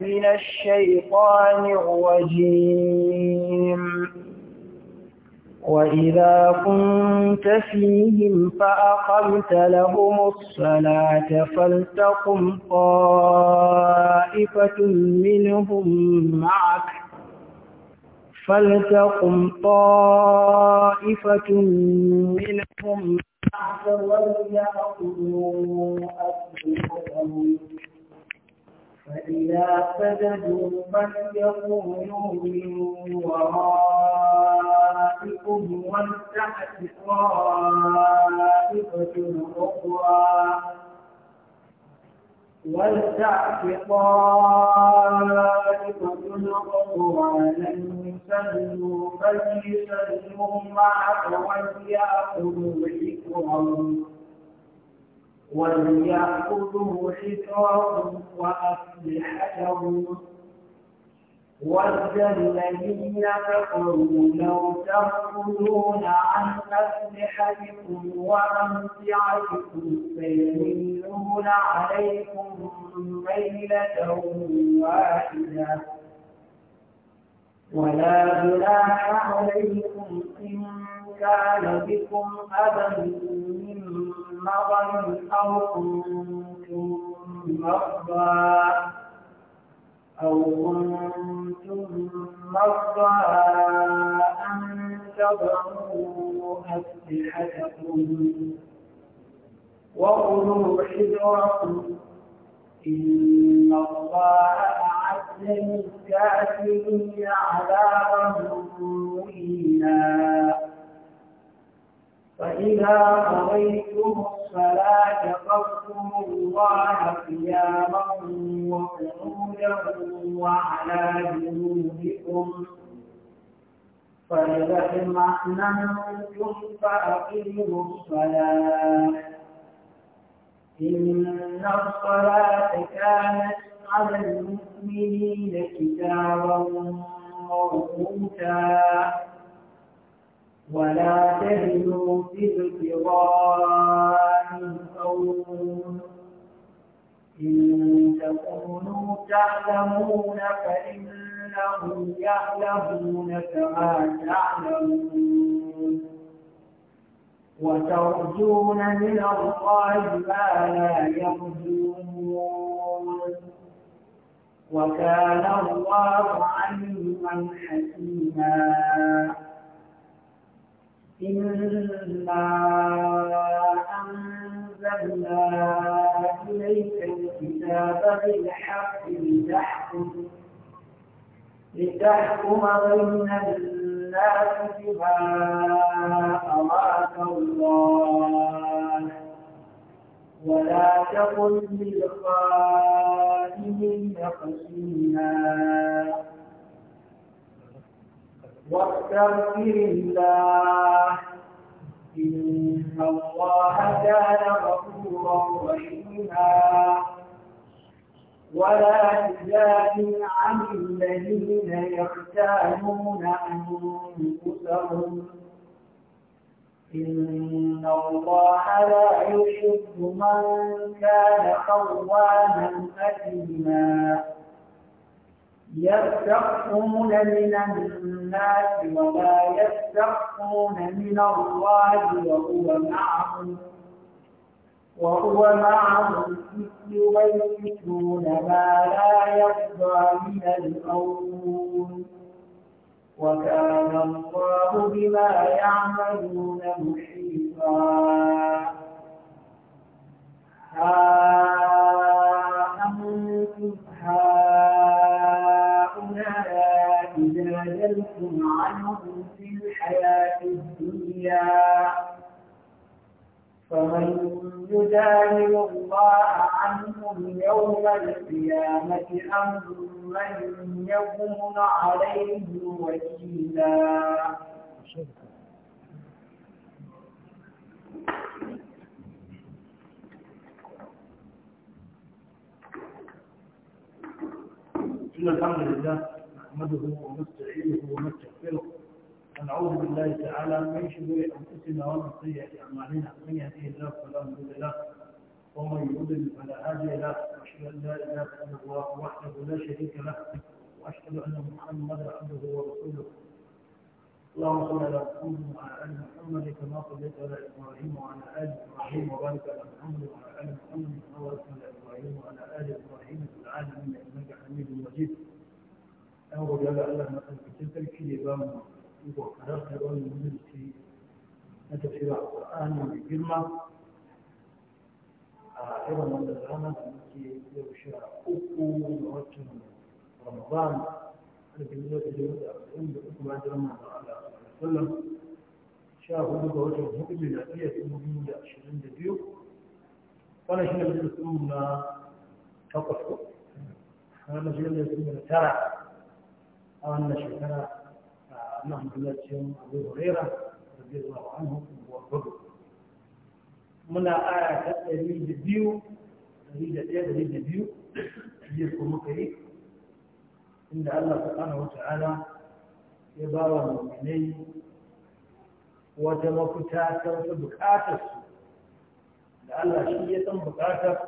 من الشيطان الرجيم وإذا كنت فيهم فأقمت لهم الصلاة فلتقم طائفة منهم معك فلتقم طائفة منهم معك وليأخذوا أسلحتهم فإذا سجدوا فليقولوا من ورائكم ولتحت طائفة أخرى ولتعت طائفة أخرى لم يسلوا فليسلوا معك وليأخذوا ذكرهم وليأخذه حفاظ وأسلحتهم ود الذين كفروا لو تغفلون عن أسلحتكم وأمتعتكم فيميلون عليكم ميلة واحدة ولا جناح عليكم إن كان بكم أبا من مرضا أو كنتم مرضى أو كنتم مرضى أن تضعوا أسلحتكم وخذوا حذركم إن الله أعد للكافرين عذابا مهينا فإذا قضيتم الصلاة فاذكروا الله قياما وقعودا وعلى جنوبكم فإذا اطمأننتم فأقيموا الصلاة إن الصلاة كانت على المؤمنين كتابا موقوتا ولا تهنوا في ابتغاء القوم إن تكونوا تعلمون فإنهم يعلمون كما تعلمون وترجون من الله ما لا يرجون وكان الله عليما حكيما إنا أنزلنا إليك الكتاب بالحق لتحكم لتحكم بين الناس بما أراك الله ولا تقل للخائنين خشينا واستغفر الله إن الله كان غفورا رحيما ولا تجادل عن الذين يختانون أنفسهم إن الله لا يحب من كان خوانا أثيما يرتقون من الناس الناس ولا يستحقون من الله وهو معهم وهو معهم إذ يبيتون ما لا يرضى من القول وكان الله بما يعملون محيطا ضللتم عنهم في الحياة الدنيا فمن يجادل الله عنهم يوم القيامة أم من يكون عليهم وكيلا إن الحمد لله نحمده ونستعينه ونستغفره ونعوذ بالله تعالى من شرور انفسنا ومن سيئات اعمالنا من يهده الله فلا مضل له ومن يضلل فلا هادي له واشهد ان لا اله الا الله وحده لا شريك له واشهد ان محمدا عبده ورسوله اللهم صل على محمد وعلى ال محمد كما صليت على ابراهيم وعلى ال ابراهيم وبارك على محمد وعلى ال محمد كما باركت على ابراهيم وعلى ال ابراهيم في العالمين انك حميد مجيد ɗan godiya ga Allah na ɗaukakin sarki ne ba mu iko karanta wannan mulki na tafiya a ƙur'ani mai girma a irin wannan rana da muke yau sha uku ga watan ramadan alifin yau da yau da arba'in da uku ba da ramadan Allah sallam sha hudu ga watan hudu lafiya dubu biyu da ashirin da biyu wannan shi ne mutum na takwas ko ranar shi ne mutum na tara a wannan shekara na hamdulacin abu hurera gudu muna aya ta ɗari da biyu ɗari da ɗaya ɗari da biyu jiya ko muka yi inda Allah subhanahu wata ta'ala ya ba wa mu'minai wata mafita ta wata bukatar su da Allah shi ya san bukatar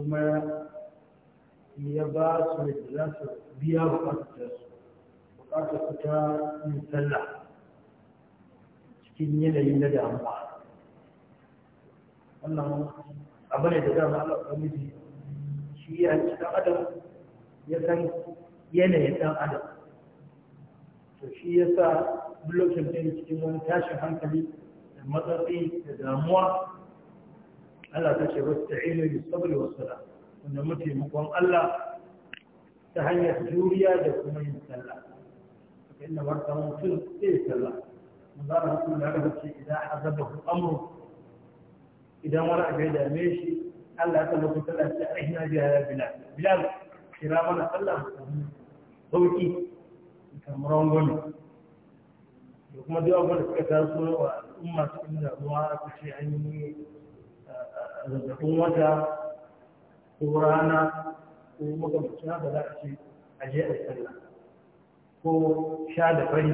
kuma ya ba su da za su biya bukatar su bukatar su ta yin sallah cikin yanayi na damuwa wannan abu ne da dama Allah kwamiti shi ya ci ɗan adam ya san yanayin ɗan adam to shi ya sa lokacin da cikin wani tashin hankali da matsatsi da damuwa Allah ta ce wasu ta'ilin da sabri wasu sallah da mataimakon Allah ta hanyar juriya da kuma yin sallah haka inda marta mutum zai sallah mun za da hukun da aka ce idan azaba amru idan wani abu ya dame shi Allah ya tabbata sallah ta aihina biya ya bilal bilal kira mana sallah sauki kamar rangon da kuma duk abin da suka taso wa al'umma su inda ruwa ku ce an yi eh, eh, zazzafin wata ko rana ko makamacin haka za a ce a je a yi sallah ko sha da fari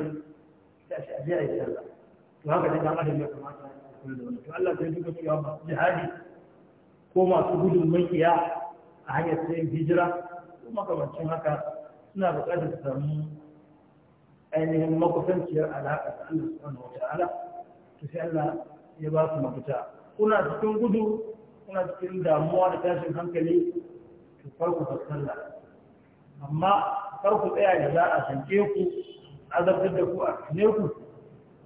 ta ce a je a yi sallah to haka ne dan adam ya kamata to Allah zai duka cewa masu jihadi ko masu gudun makiya a hanyar yin hijira ko makamancin haka suna buƙatar su samu ainihin makusanciyar alaƙa da Allah subhanahu wa ta'ala to sai Allah ya ba su mafita kuna cikin gudu kuna cikin damuwa da tashin hankali ku farko ta sallah amma farko tsaya da za a sanke ku azabtar da ku a ne ku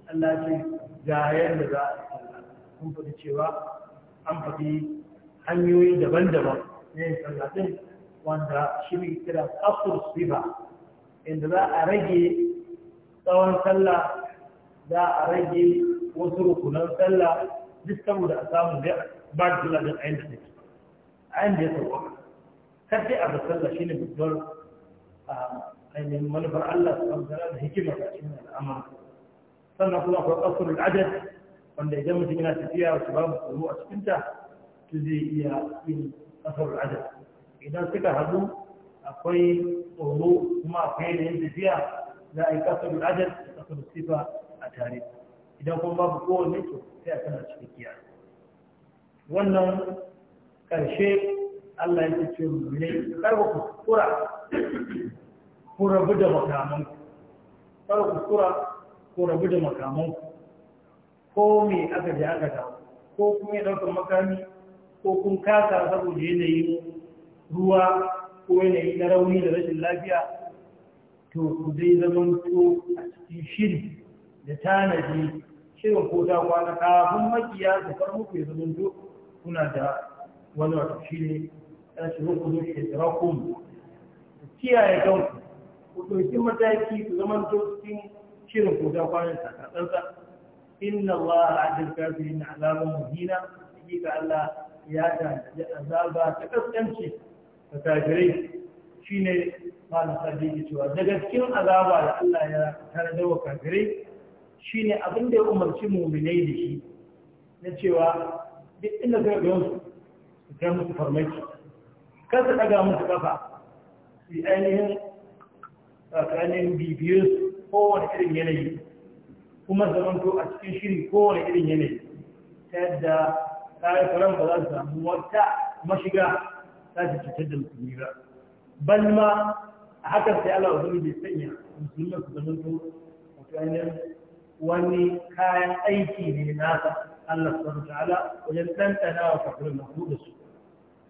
Allah ce ga yadda za a sallah kun faɗi cewa an faɗi hanyoyi daban-daban na yin sallah ɗin wanda shi ne kira kasur siba inda za a rage tsawon sallah za a rage wasu rukunan sallah duk saboda a samu da ba da kula da ayin da take ayin da ya sauwa kar dai a basalla shi ne babbar ainihin manufar Allah su kamtara da hikimar a cikin al'amari sannan kuma akwai ƙasar al'adar wanda idan mutum yana tafiya wasu babu tsoro a cikinta su zai iya yin ƙasar al'adar idan suka haɗu akwai tsoro kuma akwai yanayin tafiya za a yi ƙasar al'adar da ƙasar sifa a tare idan kuma babu kowane to sai a tana cikakkiya wannan ƙarshe Allah ya ce ne karba kuskura ko rabu da makaman karba kuskura ko rabu da makamanku ko me aka ji aka ta ko kun yi ɗaukar makami ko kun kasa saboda yanayi ruwa ko yanayi na rauni da rashin lafiya to ku zai zaman to a cikin shiri da tanadi shirin ko ta kwana kafin makiya da far ya zaman to kuna da wani wata shi ne ɗan shi rukun kiyaye ku ɗauki mataki su zama cikin shirin ku don kwanan takatsantsa inna Allah al'adil kafirin alamun muhina hakika Allah ya ya azaba ta kaskanci ta kafirai shine malam da cewa daga cikin azaba da Allah ya da wa kafirai shine abin da ya umarci mu'minai da shi na cewa duk inda zai ga yansu su kai musu farmaki kan su daga musu kafa su yi ainihin tsakanin bibiyar su kowane irin yanayi kuma zamanto a cikin shiri kowane irin yanayi ta yadda kayan faran ba za su samu wata mashiga za su cutar da musulmi ba ban ma a hakan sai Allah wani bai sanya musulman su zamanto wata wani kayan aiki ne nasa Allah subhanahu ta'ala wajen ɗanɗana wa kafirin na da su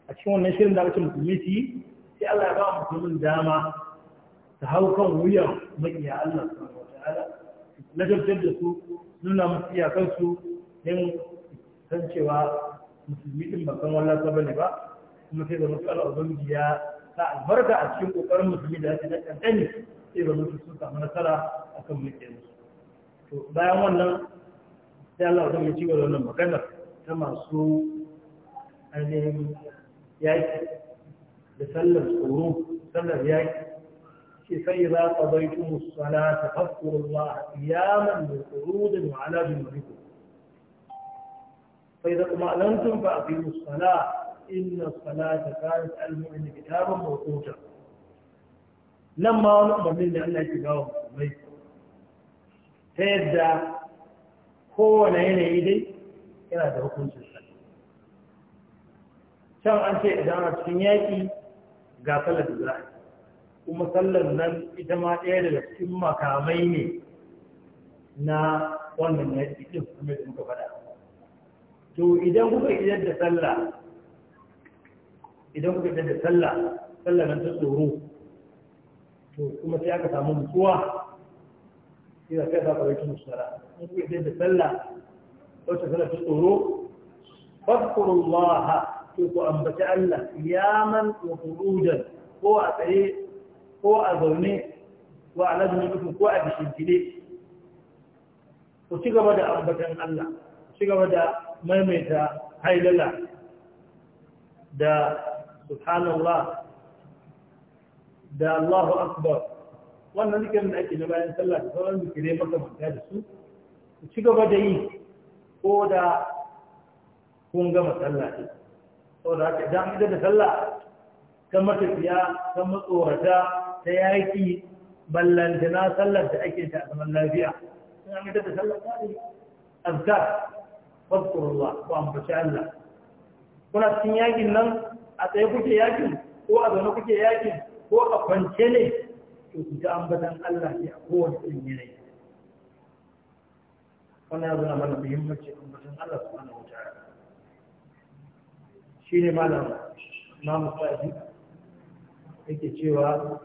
a cikin wannan shirin da aka musulmi yi sai Allah ya ba musulmin dama ta hau kan wuyan makiya Allah subhanahu wa ta'ala na jabjar da su nuna musu iyakansu don san cewa musulmi ɗin ba san wallah ba ne ba kuma sai da musu al'adun ya sa albarka a cikin ƙoƙarin musulmi da ake na ƙanƙani sai ba musu sun samu nasara akan maƙiyansu to bayan wannan sai Allah zai ci gaba wannan magana ta masu ainihin yaki da sallar tsoro sallar yaki ce sai za ka bai tumu sana ta fakurun ma yaman da tsoro da ma'ana bin riko sai da kuma alantun ba a fi musala inna sana ta kare ta almu'in da kitabun mawuta nan ma wani umarnin da Allah ke gawa mai ta yadda kowane yanayi dai yana da hukuncin sa can an ce idan a cikin yaƙi ga sallar da za kuma sallar nan ita ma ɗaya daga cikin makamai ne na wannan yaƙi ɗin kuma da muka faɗa to idan kuka idan da sallah idan kuka idan da sallah sallar nan ta tsoro to kuma sai aka samu mutuwa إذا كذا قضيتم الصلاة نقول إذا تسلى أو تسلى في الطرق فاذكروا الله تلقوا أنبت الله قياما وخروجا هو أتعيه هو أظنه وعلى ذنبكم هو أبشنتليه وشيغا بدأ أنبت الله شيغا بدأ ميميتا هاي لله ده سبحان الله ده الله أكبر wannan zikirin da ake na bayan sallah da sauran zikirai makamanta da su ku ci gaba da yi ko da kun gama sallah ɗin saboda haka idan ita da sallah kan matafiya kan matsorata ta yaƙi ballantana sallar da ake ta zaman lafiya sun an ita da sallah ta ne azkar fafkurullah ko ambaci Allah kuna cikin yakin nan a tsaye kuke yakin ko a zaune kuke yakin ko a kwance ne to ku ta ambatan Allah ne a kowace irin yanayi wannan yana mana muhimmanci ambatan Allah su mana wuta shi ne malam mamu sa'adi yake cewa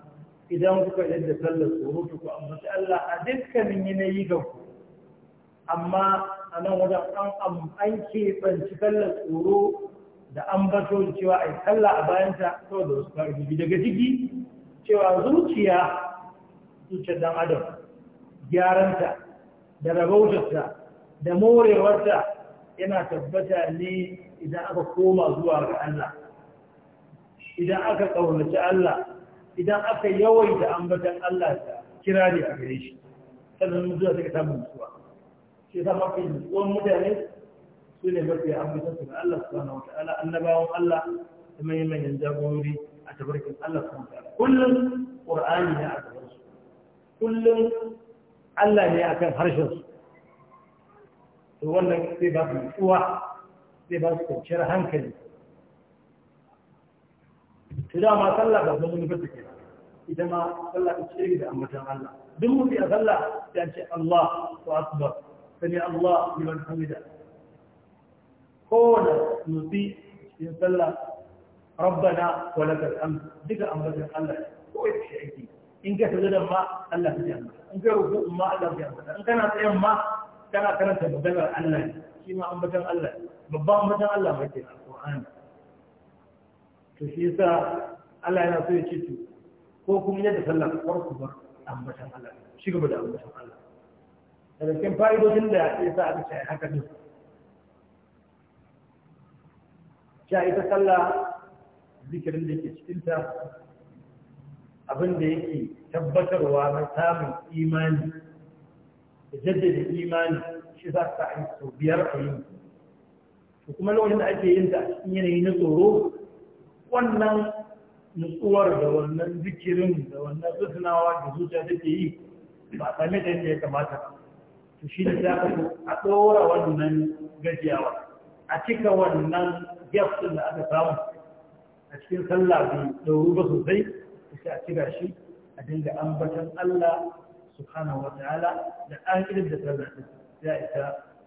idan kuka yadda sallar surutu ku ambaci Allah a dukkanin yanayi ga ku amma a nan wajen an an keɓanci sallar tsoro da an bato cewa a yi sallah a bayanta saboda wasu faruwa daga ciki cewa zuciya zuciyar dan adam gyaranta da rabautarta da morewarta yana tabbata ne idan aka koma zuwa ga Allah idan aka ƙaunaci Allah idan aka yawaita ambatan Allah ta kira ne a gare shi sannan zuwa suka samun mutuwa shi sa mafi tsohon mutane sune ne mafi ambatan su ga Allah subhanahu wata'ala annabawan Allah da manyan jagorori a tabarkin Allah kuma ta kullum Qur'ani ne a gaban kullum Allah ne akan harshen su to wannan sai ba su nutsuwa sai ba su kwanciyar hankali to da ma sallah ba zama nufin take ita ma sallah ta ce da ambatan Allah duk mutum a sallah ya ce Allah wa akbar sani Allah liman hamida kowane nutsi cikin sallah rabbana wa lakal hamd duka ambatan Allah ko ya shi aiki in ka tada ma Allah ya amma in ka ruku ma Allah ya amma in kana tsayan ma kana karanta maganar Allah shi ma ambatan Allah babban ambatan Allah mai kenan Qur'ani to shi yasa Allah yana so ya ce to ko kuma yadda sallah ku bar ambatan Allah shi gaba da ambatan Allah daga cikin fa'idodin da ya sa aka ce haka ne sha ita sallah zikirin da ke cikinta abin da yake tabbatarwa na samun imani da jaddada imani shi za ka yi sau biyar a yi, to kuma lokacin da ake yin ta a cikin yanayi na tsoro wannan nutsuwar da wannan zikirin da wannan zuzunawa da zuciya take yi ba a same ta yadda ya kamata to shi ne za ka a ɗora wannan gajiyawa a cika wannan gap da aka samu a cikin sallah bai dauru ba sosai sai a shi a dinga ambatan Allah subhanahu wa ta'ala da an irin da sallah ya ita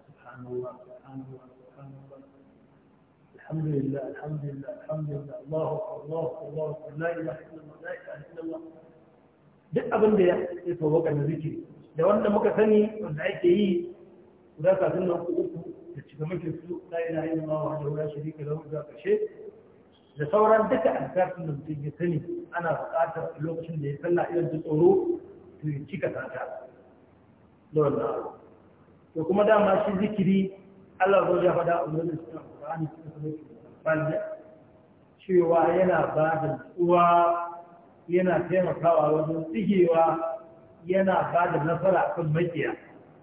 subhanahu wa Ta'ala. alhamdulillah alhamdulillah alhamdulillah Allahu Allahu Allahu la ilaha illallah la ilaha illallah duk abin da ya tsawoka na zikiri da wanda muka sani wanda ake yi guda kafin nan uku da cika mafi su la ilaha illallah wa la lahu da kashe da sauran duka alkafin da mutum ya sani ana buƙatar lokacin da ya salla irin da tsoro to ya cika sata da wannan abu to kuma dama shi zikiri Allah zo ya faɗa a wurin cikin Qur'ani cikin sunan cewa yana ba da tsuwa yana taimakawa wajen tsigewa yana ba da nasara kan makiya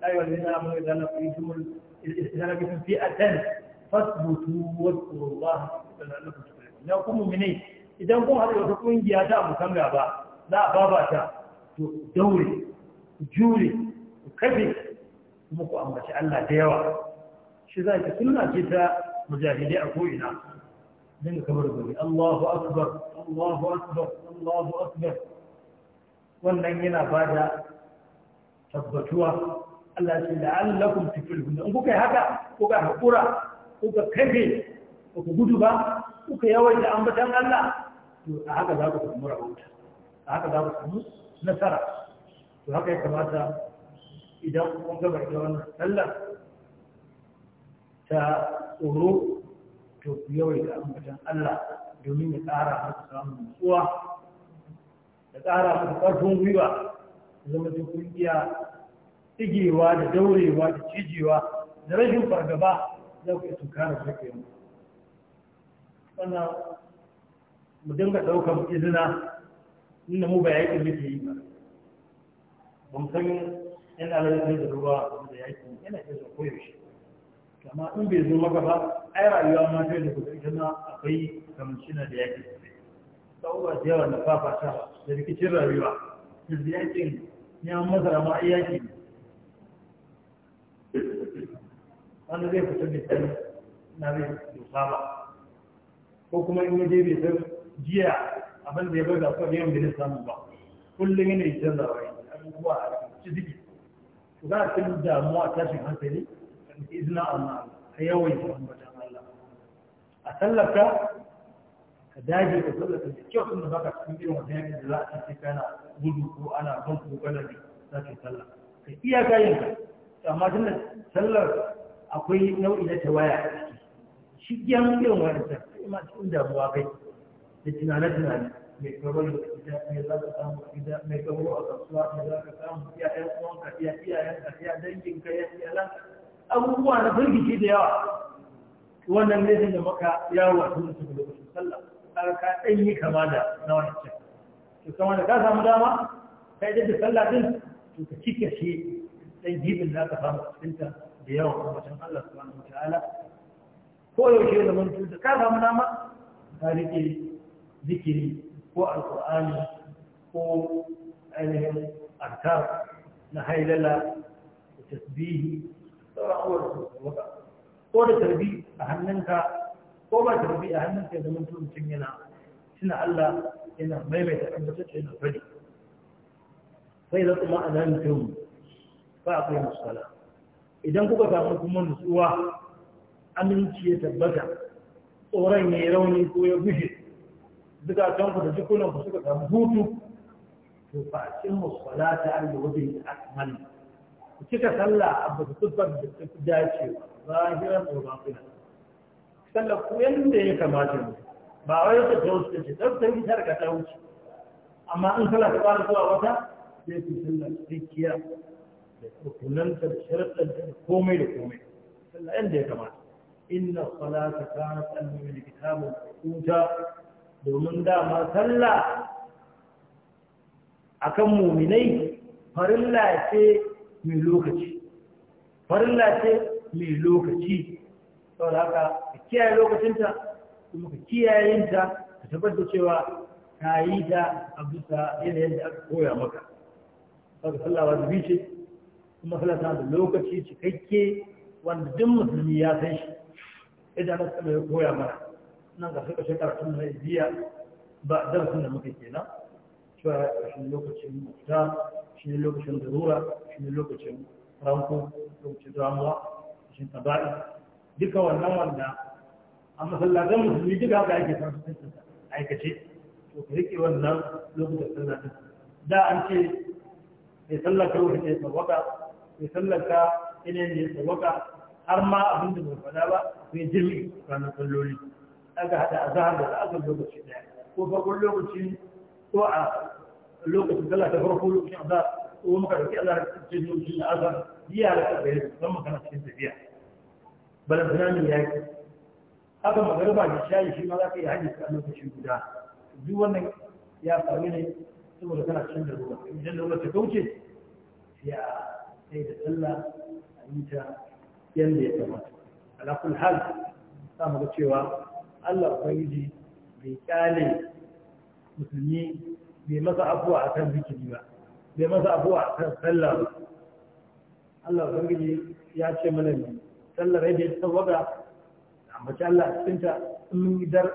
ayyuhal ladina amanu idza laqitum idza laqitum fi'atan fasbutu wa zkurullaha la'allakum na kuma mine idan kun haɗu wata ƙungiya ta abokan gaba za a babata to daure jure ku kafe kuma ku ambaci Allah da yawa shi za ki sunna ce ta mujahidai a ko'ina dinga kamar gobe Allahu akbar Allahu akbar Allahu akbar wannan yana bada tabbatuwa Allah ce la'allakum tuflihun in kuka yi haka kuka hakura kuka kafe ba ku gudu ba kuka da ambatan Allah to a haka za ku samu rahota a haka za ku samu nasara to haka ya kamata idan kun gaba da wannan sallah ta tsoro to ku yawaita ambatan Allah domin ya tsara maka samun nutsuwa da tsara maka ƙarfin gwiwa da zama sun iya tsigewa da daurewa da cijewa da rashin fargaba za ku iya tunkarar da kai wannan mu dinga ɗaukar izina inda mu ba yaƙin muke yi ba ba mu san yan alaƙar da ruwa da yaƙi yana iya zuwa koyaushe amma in bai zo maka ba ai rayuwa ma ta da kusa ita ma akwai kamcina da yaƙi sa'uwa da yawa na fafata da rikicin rayuwa da yaƙin ya masara ma ai yaƙi wanda zai fita da na zai dosa ba ko kuma in je bai san jiya abin da ya bar kasuwar yau da ya samu ba kullum yana yi canza wa yanzu abubuwa a ciki Ku za a cikin damuwa tashin hankali a cikin izina Allah ka yawaita ambatan Allah a tallaka ka daji ka tallaka da kyau sun da baka cikin irin wata yakin da za a cikin kana gudu ko ana ban ko galabi za ka yi sallah ka iya kayan ka amma tun da sallar akwai nau'i na tawaya a ciki shi gyan irin wani sallah kai ma cikin damuwa kai da tunane-tunane mai karo da gida mai za ka samu gida mai karo a kasuwa mai za ka samu iya ƴan uwanka iya iyayenka iya danginka iya iyalanka abubuwa na firgici da yawa wannan laifin da maka yawo a cikin su lokacin sallah ka ɗan yi kama da na wancan to kama da ka samu dama ka yi da sallah din to ka cike shi ɗan jibin da aka samu cikinta da yawan ambacin Allah subhanahu wa ta'ala ko yaushe da mantu da ka samu dama ka rike zikiri ko alƙur'ani ko ainihin arkar na hailala da tasbihi sauran awar da ko da tarbi a hannunka ko ba tarbi a hannunka ya zama cin yana suna Allah yana maimaita ambatacce yana fadi sai da kuma a zanen fiye fa akwai musala idan kuka samu kuma nutsuwa aminci ya tabbata tsoron ya yi rauni ko ya gushe ku da ku suka samu hutu to fa cin musala ta wajen da wajen akmal ku cika sallah a basu tuffar da ta fi dacewa zahiran ko bafina sallah ku yadda ya kamata ne ba wai ta ta wuce ce ta wuce ta ka ta wuce amma in sallah ta fara zuwa wata sai ku sallah cikiya da nan da sharaɗanta da komai da komai sallah yadda ya kamata inna salata kanat al-mu'min kitaban kuta domin dama sallah akan mu'minai farilla ce mai lokaci farilla ce mai lokaci saboda haka ka kiyaye lokacinta kuma ka kiyaye yinta ka tabbatar cewa ka yi ta a bisa yanayin da aka koya maka saboda sallah wajibi ce kuma sallah ta da lokaci cikakke wanda duk musulmi ya san shi ya ji alaƙa mai mana nan ga suka shekara tun na biya ba darasin da muke kenan cewa shi ne lokacin mafita shi ne lokacin darura shi ne lokacin ranko lokacin damuwa lokacin taba'i duka wannan wanda a masallatan musulmi duka haka ake san su aikace to ka riƙe wannan lokacin sallah da an ce mai sallaka ka wuce ya tsawaka mai sallaka ka yanayin da ya tsawaka har ma abin da bai faɗa ba mai jimi ranar salloli aka haɗa a zahar da aka lokaci ɗaya ko farkon lokaci ko a lokacin kala ta farko lokacin azhar ko muka ɗauki azhar cikin lokacin da azhar biya da ta, bayyana don magana cikin tafiya balantana ne ya yi haka magariba da shayi shi ma za ka yi hajji a lokacin guda duk wannan ya faru ne saboda kana cikin da ruwa idan da ruwa kauce ya kai da sallah a yi ta yadda ya kamata ala hal za mu ga cewa Allah ubangiji bai kyale musulmi bai masa abuwa akan zikiri ba bai masa abuwa akan sallah ba Allah ubangiji ya ce mana ne sallar yadda ya amma ce Allah a cikinta in mun yi dar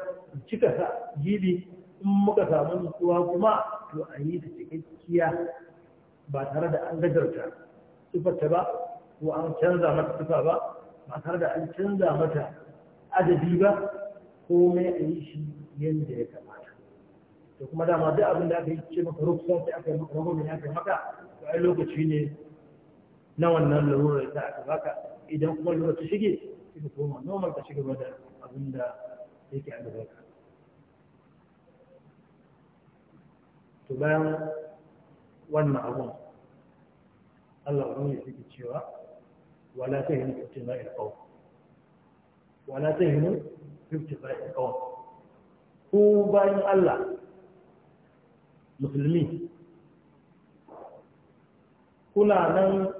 cika sa gidi, in muka samu nutsuwa kuma to a yi ta cikakkiya ba tare da an gajarta sifarta ba ko an canza mata tufa ba ba tare da an canza mata adadi ba komai a yi shi yadda ya kamata to kuma dama duk abin da aka yi ce maka rufe sai aka yi maka rago ne aka maka to ai lokaci ne na wannan da aka baka idan kuma lura ta shige sai ka koma normal ka shiga da abin da yake a gaban ka to bayan wannan abun Allah ya fi cewa ولا تهنوا في ابتغاء القوم ولا تهنوا في ابتغاء القوم ku bayan Allah musulmi kuna nan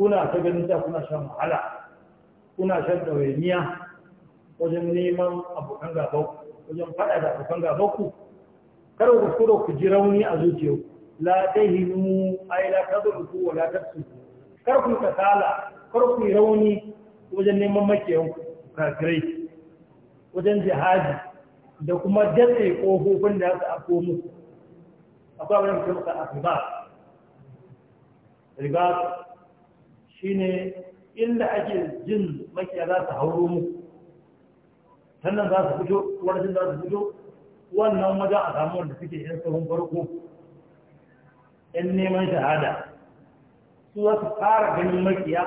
kuna ta ganin ta kuna shan wahala kuna shan wajen neman abokan gabanku wajen faɗa da abokan gabanku kar ku kuskura ku ji rauni a zuciyarku la tahinu ay la ku wala kar ku kasala kar ku rauni wajen neman makiyan kafirai wajen jihadi da kuma jatse kofofin da aka afo muku. akwai wani mutum ka afiba riba shine inda ake jin makiya za su hauro muku sannan za su fito wajen za su fito wannan wajen a samu wanda suke yan tsohon farko yan neman shahada su za fara ganin makiya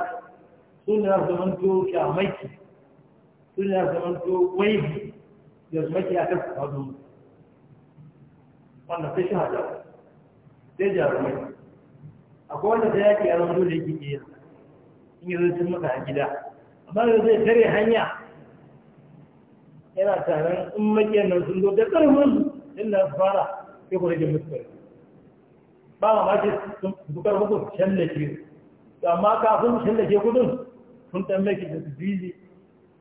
su ne za su zamanto shamaki su ne za su zamanto waihi da su makiya ta su faɗo wannan sai shahada sai jarumai akwai wanda ta yaki a zama dole yake iya in yi zai cin maka a gida amma da zai tare hanya yana tare in makiyan nan sun zo da karfin inda su fara sai ku rage musu ba mamaki sun bukar muku shallake amma kafin shallake kudin sun ɗan maki da su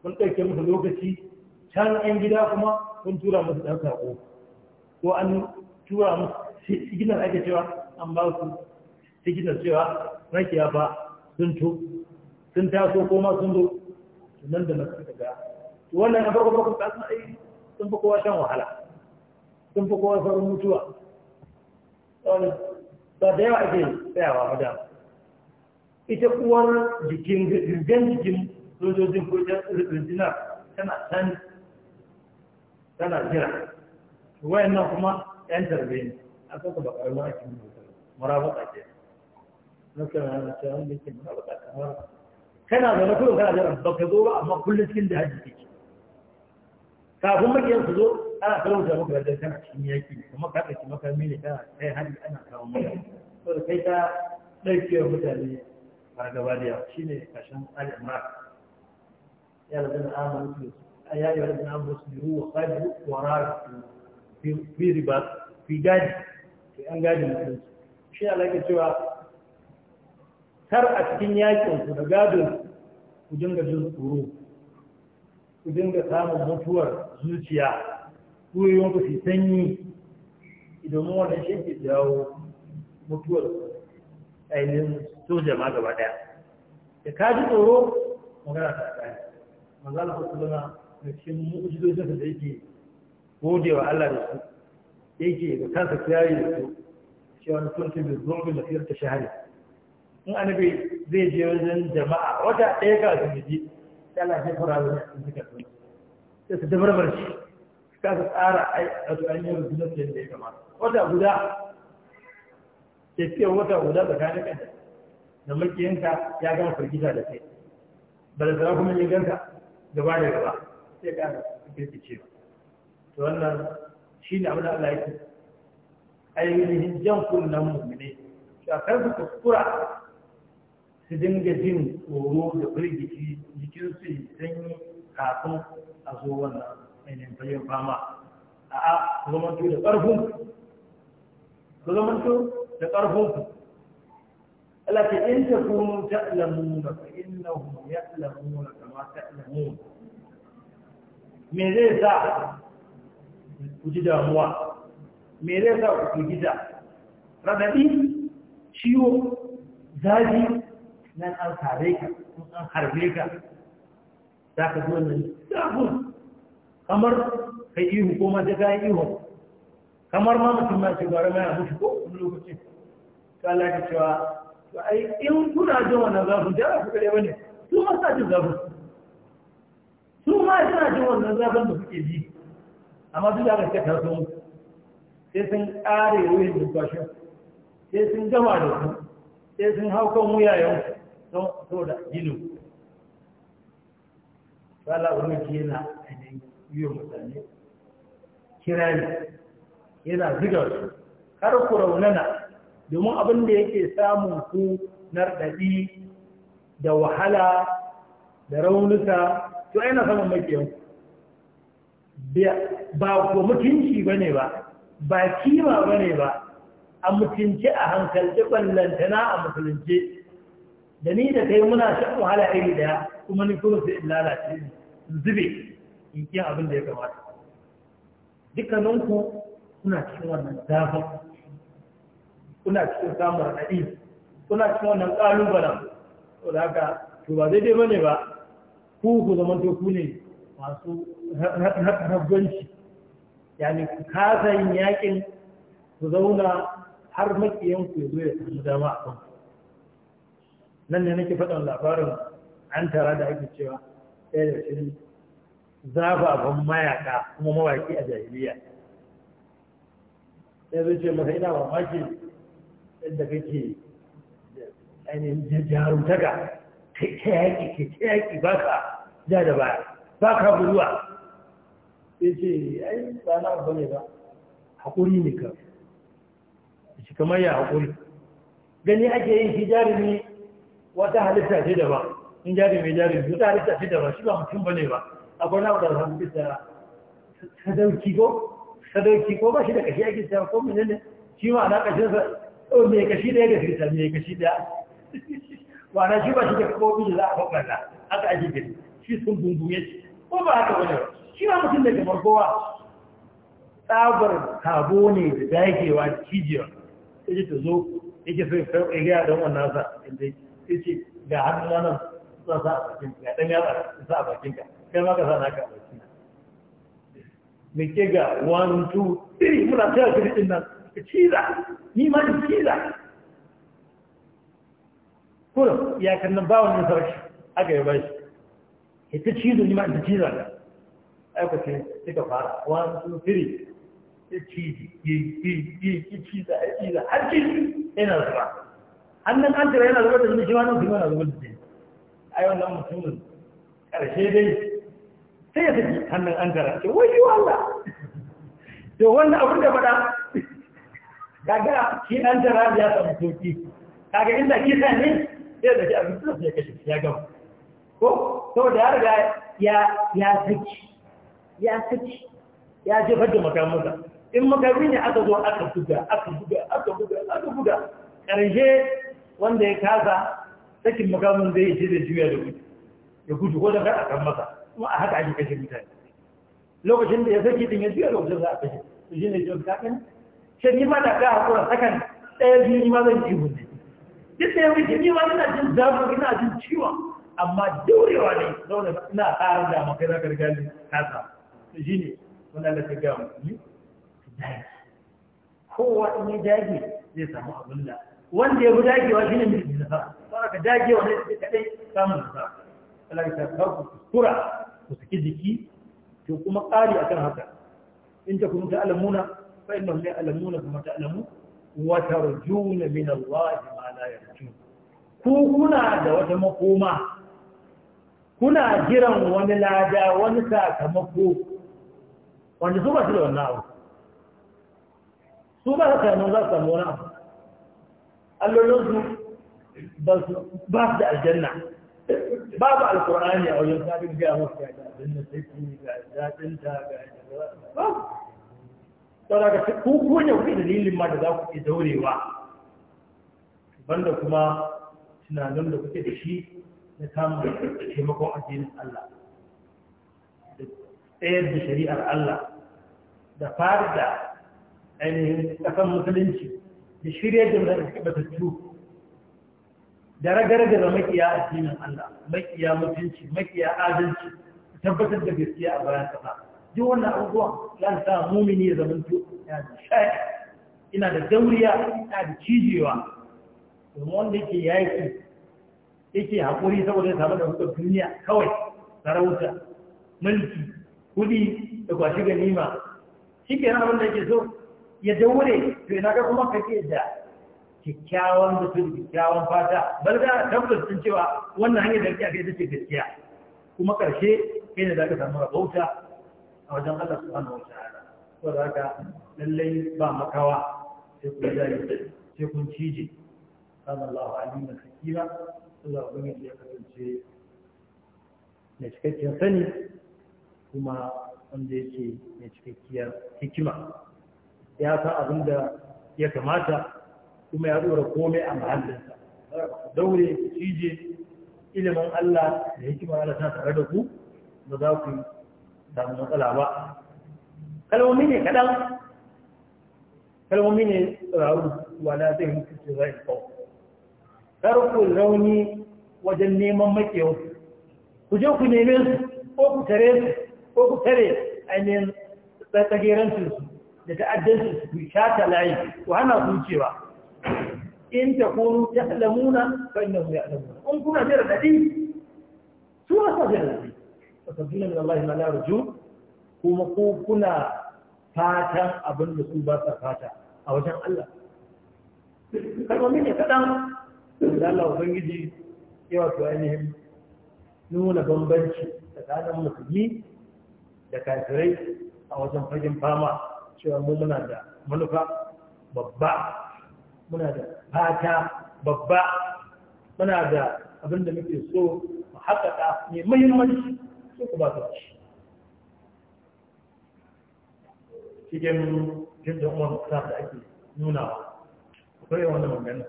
sun ɗauke musu lokaci can an gida kuma sun tura musu ɗan saƙo ko an tura musu siginar ake cewa an ba su gina cewa ya fa sun to sun taso ko ma sun zo nan da nasu daga wannan na farko farko tsatsa ai sun fi kowa shan wahala sun fi kowa farin mutuwa ba da yawa ake tsayawa ba da ita uwar jikin girgan jikin sojojin ko rijina tana can tana jira wayan nan kuma yan tarbe ne a kasa ba ƙarfi ake mutu marabata ce na kana na cewa wanda ke marabata kamar kana zama kullum kana jira ba ka zo ba amma kullum cikin da haji ke kafin makiyan su zo ana salon da maka da kana cikin yaki kuma ka ɗauki makami ne kana kai hari ana kawo maka to da kai ta ɗaukewar mutane a gaba da yawa shine kashin al'amma ya da zana amon su ya yi wani amon su biyu wa kaji wara fi riba fi gadi fi an gadi mutum shi ne alaƙa cewa kar a cikin yakin ku da gadon ku dinga jin tsoro ku dinga samun mutuwar zuciya yi ku fi sanyi mu wannan shi ke jawo mutuwar ainihin soja ma gaba daya da ka ji tsoro magana ta tsaye manzana ku sulana da cikin mu'ujizojin da yake gode wa Allah da su yake da kansa kiyaye da su cewa wani tuntun da zombi da fiyar ta shahari in annabi zai je wajen jama'a wata ɗaya ka su ji yana shekara da su suka tuni sai su dabarbar shi suka su tsara a tsanin rundunar da ya kamata wata guda ke ce wata guda tsakanin kan da makiyanka ya gama firgita da kai ba da tsara kuma ya ganka gaba da gaba sai ka kirki ce to wannan shi ne abin da Allah yake ainihin jan kunnen mu ne shi a kan kuskura su dinga jin tsoro da firgici jikinsu yi sanyi kafin a zo wannan ainihin fagen fama a'a ku zama da ƙarfin ku zama da ƙarfin ku Allah ta in ta kunu ta'lamuna fa innahum ya'lamuna kama ta'lamun me zai sa ku ji damuwa me zai sa ku gida radadi ciwo zafi nan an sare ka in an harbe ka za ka zo nan dahun kamar kai ihu ko ma ta yi ihu kamar ma mutum na ce gwara mai a mutu ko wani lokaci ka lafi cewa to ai in kuna jin wannan zafin da ku kare wani su ma sa jin zafin su ma suna jin wannan zafin da kuke ji amma duk da aka ce taso muku sai sun ƙare wuyan numfashin sai sun gama da su sai sun hau kan wuyayen da saboda gino tsala wani yana ainihin yiwu mutane kirari yana ziga su kar ku raunana domin abin da yake samun ku narɗaɗi da wahala da raunuka to aina saman makiyan ba ko mutunci ba ne ba ba kima ba ne ba a mutunci a hankalci ballantana a musulunci da ni da kai muna shan wahala iri daya kuma ni kuma sai in lalace in zube in kiyan abin da ya kamata dukkaninku kuna cikin wannan zafin kuna cikin samun raɗaɗi kuna cikin wannan ƙalubalen to da haka to ba zai ba ne ba ku ku zaman ku ne masu rabbanci yani ku kasa yin yakin ku zauna har makiyanku ya zo ya samu dama a kanku nan ne nake faɗin labarin an tara da ake cewa ɗaya da shi zababin mayaka kuma mawaƙi a jahiliya sai zai ce masa ina mamaki yadda kake ainihin jarumtaka kai ta yaƙi kai ta yaƙi ba ka ja da baya ba ka buruwa sai ce ai ba na abu ne ba haƙuri ne ka shi kamar ya haƙuri gani ake yin shi ne wata halitta ce da ba in jari mai jari biyu ta halitta ce da ba shi ba mutum ba ne ba a na wadda hannu bisa sadauki ko sadauki ko ba shi da kashi ake samu ko mene ne shi ma na sa o mai kashi ɗaya da firisa mai kashi ɗaya ba na shi ba shi da kobi da za a kwakwalla aka ake gani shi sun bungume shi ko ba haka wani ba shi ma mutum da kamar kowa tsabar tabo ne da dagewa cijiyar ya ce ta zo ya ke so ya gaya don wannan sa inda yake yace ga hannu na nan za sa a bakin ya dan yatsa sa a bakin ka kai ma ka sa naka a bakin me ke ga 1 2 3 muna ta kiri din nan ciza ni ma in ciza kuma ya kan nan bawon ne sarki aka yi bashi ta cizo ni ma in ciza ga aikacin ka fara 1 2 3 ya cizi ya ciza ya ciza har cizi yana zuwa hannun an tare yana zubar da jini shi ma nan kuma yana zubar da jini ai wannan mutumin karshe dai sai ya saki hannun an tara ce wai yi Allah to wani abin da faɗa kaga shi an tara ya samu sauki kaga inda kisa ne sai da shi abin da ya kashe ya gama ko saboda ya riga ya ya saki ya saki ya jefar da makamuka in makarri ne aka zo aka buga aka buga aka buga aka buga ƙarshe wanda ya kasa sakin makamun zai ce da juya da gudu ya gudu ko da kar a kan masa kuma a haka ake kashe mutane lokacin da ya saki din ya juya lokacin za a kashe su shi ne jiyar kakan shi yi ma da ka hakura sakan ɗaya biyu ni ma zan ji hunde duk da yawon ni ma ina jin zafin ina jin ciwon amma daurewa ne zaune ina ƙarar da kai za ka riga ne kasa su shi ne wanda da ta gama ni su daji kowa ne ya daji zai samu abin da wanda ya fi dagewa shi ne mai nasara ba ka dagewa ne da kaɗai samun nasara Allah ya sa ku kuskura ku saki jiki to kuma ƙari akan haka in ta kuma ta'alamuna fa inna la alamuna kuma ta'alamu wa tarjuna min Allah ma la yarjun ku kuna da wata makoma kuna jiran wani lada wani sakamako wanda su ba su da wannan abu su ba su samu za su samu wani abu allolinsu ba su da aljanna babu alkur'ani a wajen sabin gaya mafi ga aljanna sai ku ga daɗinta ga babu sau daga ku kone ku dalilin ma da za ku ke daurewa banda kuma tunanin da kuke da shi na samun taimakon addinin Allah da tsayar da shari'ar Allah da fara da ainihin musulunci da shirya da batattu da ragaraga da makiya addinin Allah makiya mutunci makiya adalci tabbatar da gaskiya a bayan kasa duk wannan abubuwa za sa mumini ya zama to ya da ina da dauriya ina da cijewa domin wanda yake yaki yake hakuri saboda ya samu da hukar duniya kawai sarauta mulki kuɗi da kwashi ganima shi ke abin da yake so ya daure to ina ga kuma kake da kyakkyawan mutum kikkiawan fata balga tabbas sun cewa wannan hanyar da kake ita ce gaskiya kuma karshe kai ne zaka samu rabauta a wajen Allah subhanahu wa ta'ala to zaka lallai ba makawa sai kun jari sai kun cije kana Allah alimin hakima Allah ubangiji ya kasance ne cikakken sani kuma wanda yake mai cikakkiyar hikima ya san abin da ya kamata kuma ya tsora komai a mahallinsa daure cije ilimin Allah da hikima Allah ta tare da ku ba za ku samu matsala ba kalmomi ne kaɗan kalmomi ne wa na zai yi su zai kawo karku rauni wajen neman makewa ku je ku neme su ko ku tare su ko ku tare ainihin tsageren da ta'addanci su shata layi ko hana su cewa in ta kuru ta alamuna fa inna hu ya'lamuna in kuna jira daɗi? su ba sa jira dadi fa tabbina min Allah ma la yarju kuma ko kuna fata abin da su ba sa fata a wajen Allah kalmomi ne kadan da Allah ubangiji yawa to ainihin nuna bambanci tsakanin musulmi da kafirai a wajen fagen fama cewa mu muna da manufa babba muna da fata babba muna da abin da muke so mu haƙaƙa mai muhimmanci su ku ba ta ci cikin da uwan mutar da ake nunawa akwai wannan magana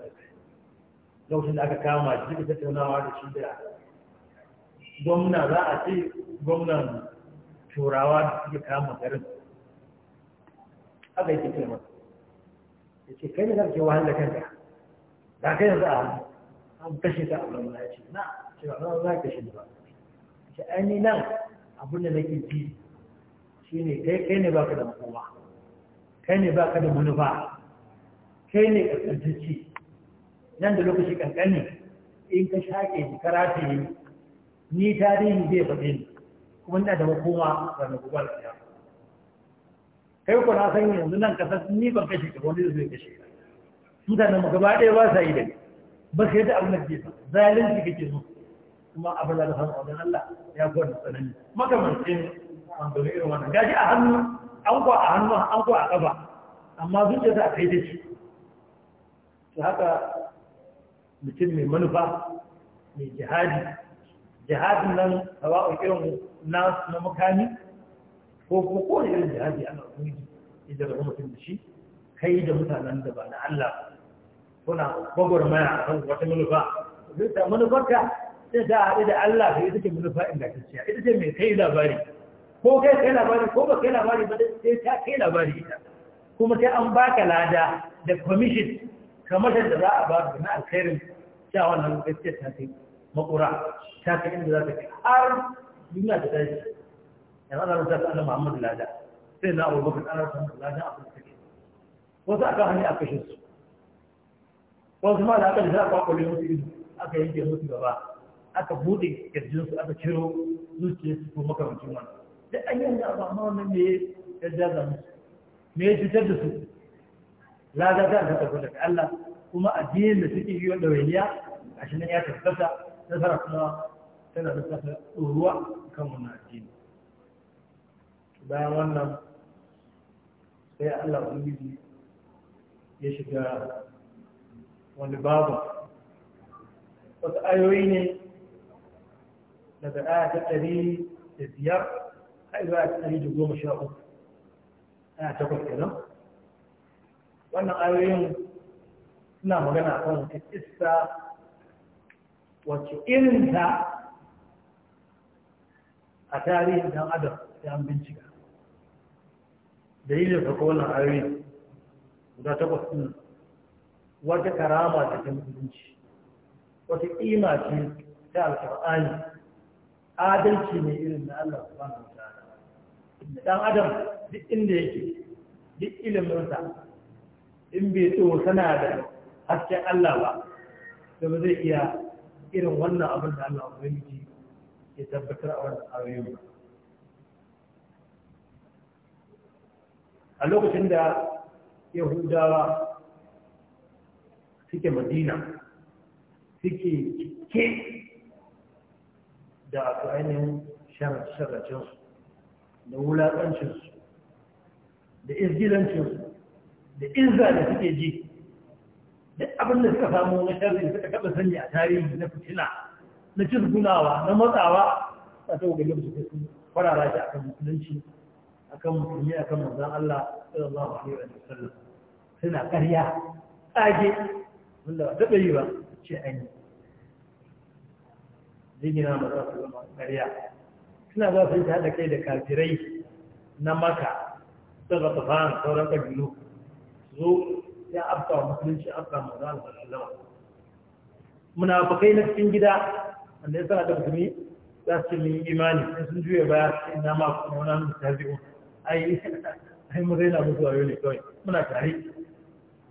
lokacin da aka kama shi da tattaunawa da shi da gwamna za a ce gwamnan turawa da suke kama garin haka yake ce masa ya ce kai ne za ka ce wahal da kanka da kai yanzu a hannu an kashe ta abu ya ce na ce ba za ka kashe ni ba ce an yi nan abin da nake ji shi ne kai kai ne ba ka da makoma kai ne ba ka da manufa kai ne kaskantacci nan da lokaci ƙanƙani in ka shaƙe ka karate ni tarihi zai faɗi ni kuma ina da makoma ga na gubar da kai ko na san yanzu nan kasar ni ban kashe ka wani zai kashe ka mutanen mu gaba ɗaya ba sa yi da ba sai da abin da ke zalunci kake so kuma abin da san wajen Allah ya kuwa da tsanani makamancin ɓangare irin wannan gaji a hannu an ko a hannu an ko a ƙafa amma zuciya ta kai da shi ta haka mutum mai manufa mai jihadi jihadin nan tawa'un irin na mukami ko kuma kowane irin jihadi ana ubangiji ya jarraba mutum da shi kai da mutanen da ba na Allah kuna maya a kan wata manufa zai ta manufarka sai da haɗe da Allah sai ita ce manufa in ingantacciya ita ce mai kai labari ko kai kai labari ko ba kai labari ba sai ta kai labari ita kuma sai an baka lada da commission kamar da za a ba su na alkhairin sha wannan gaskiya ta kai makura ta kai inda za ta kai har duniya ta tashi yanzu ana rubuta annabi Muhammad lada sai na Abu Bakar ana rubuta lada a cikin take wasu aka hani aka kashe su wasu ma da aka da aka kwakwale musu ido aka yanke musu gaba aka bude kirjin su aka ciro zuciyar su ko makamancin wannan duk an yanzu abu amma wannan ne ya jaza musu me ya fitar da su lada ta da tabbata daga Allah kuma addinin da suke yi wanda wayya a shi nan ya tabbata nasara kuma tana da ruwa kan wannan addini bayan wannan sai allah ubangiji ya shiga wani babu wasu ayoyi ne daga ɗaya ta ɗari da biyar har zuwa ta ɗari da goma sha uku ana takwas kenan wannan ayoyin suna magana kan wata kissa wacce irinta a tarihin dan adam ya bincika dalilin sako wannan ayoyi guda takwas ɗin wata karama da ta mutunci wata ƙima ce ta alƙur'ani adalci ne irin na Allah subhanahu ba, ta'ala dan adam duk inda yake duk iliminsa in bai tsoro sana da hasken Allah ba da ba zai iya irin wannan abin da Allah ya tabbatar a wannan ayoyin ba a lokacin da yahudawa suke madina suke cike da ainihin sharacinsu da wulaƙancinsu da izgilancinsu da inza da suke ji da abinda suka samu na sharri suka taɓa sani a tarihi na fitina na cizgunawa na matsawa a ta wajen su farara shi a kan musulunci akan musulmi akan manzon Allah sallallahu alaihi wa sallam suna ƙarya tsage wanda ba taɓa yi ba ce an yi jigina ma za su zama ƙarya suna za su yi ta haɗa kai da kafirai na maka sun rafa fara sauran ƙabilu zo ya afka wa musulunci afka manzo Allah Muna munafikai na cikin gida wanda ya sa da mutumi, za su yi imani sai sun juya baya sai na ma kuma wani mutarbi'un ai mu mun raina musu wayo ne kawai muna tare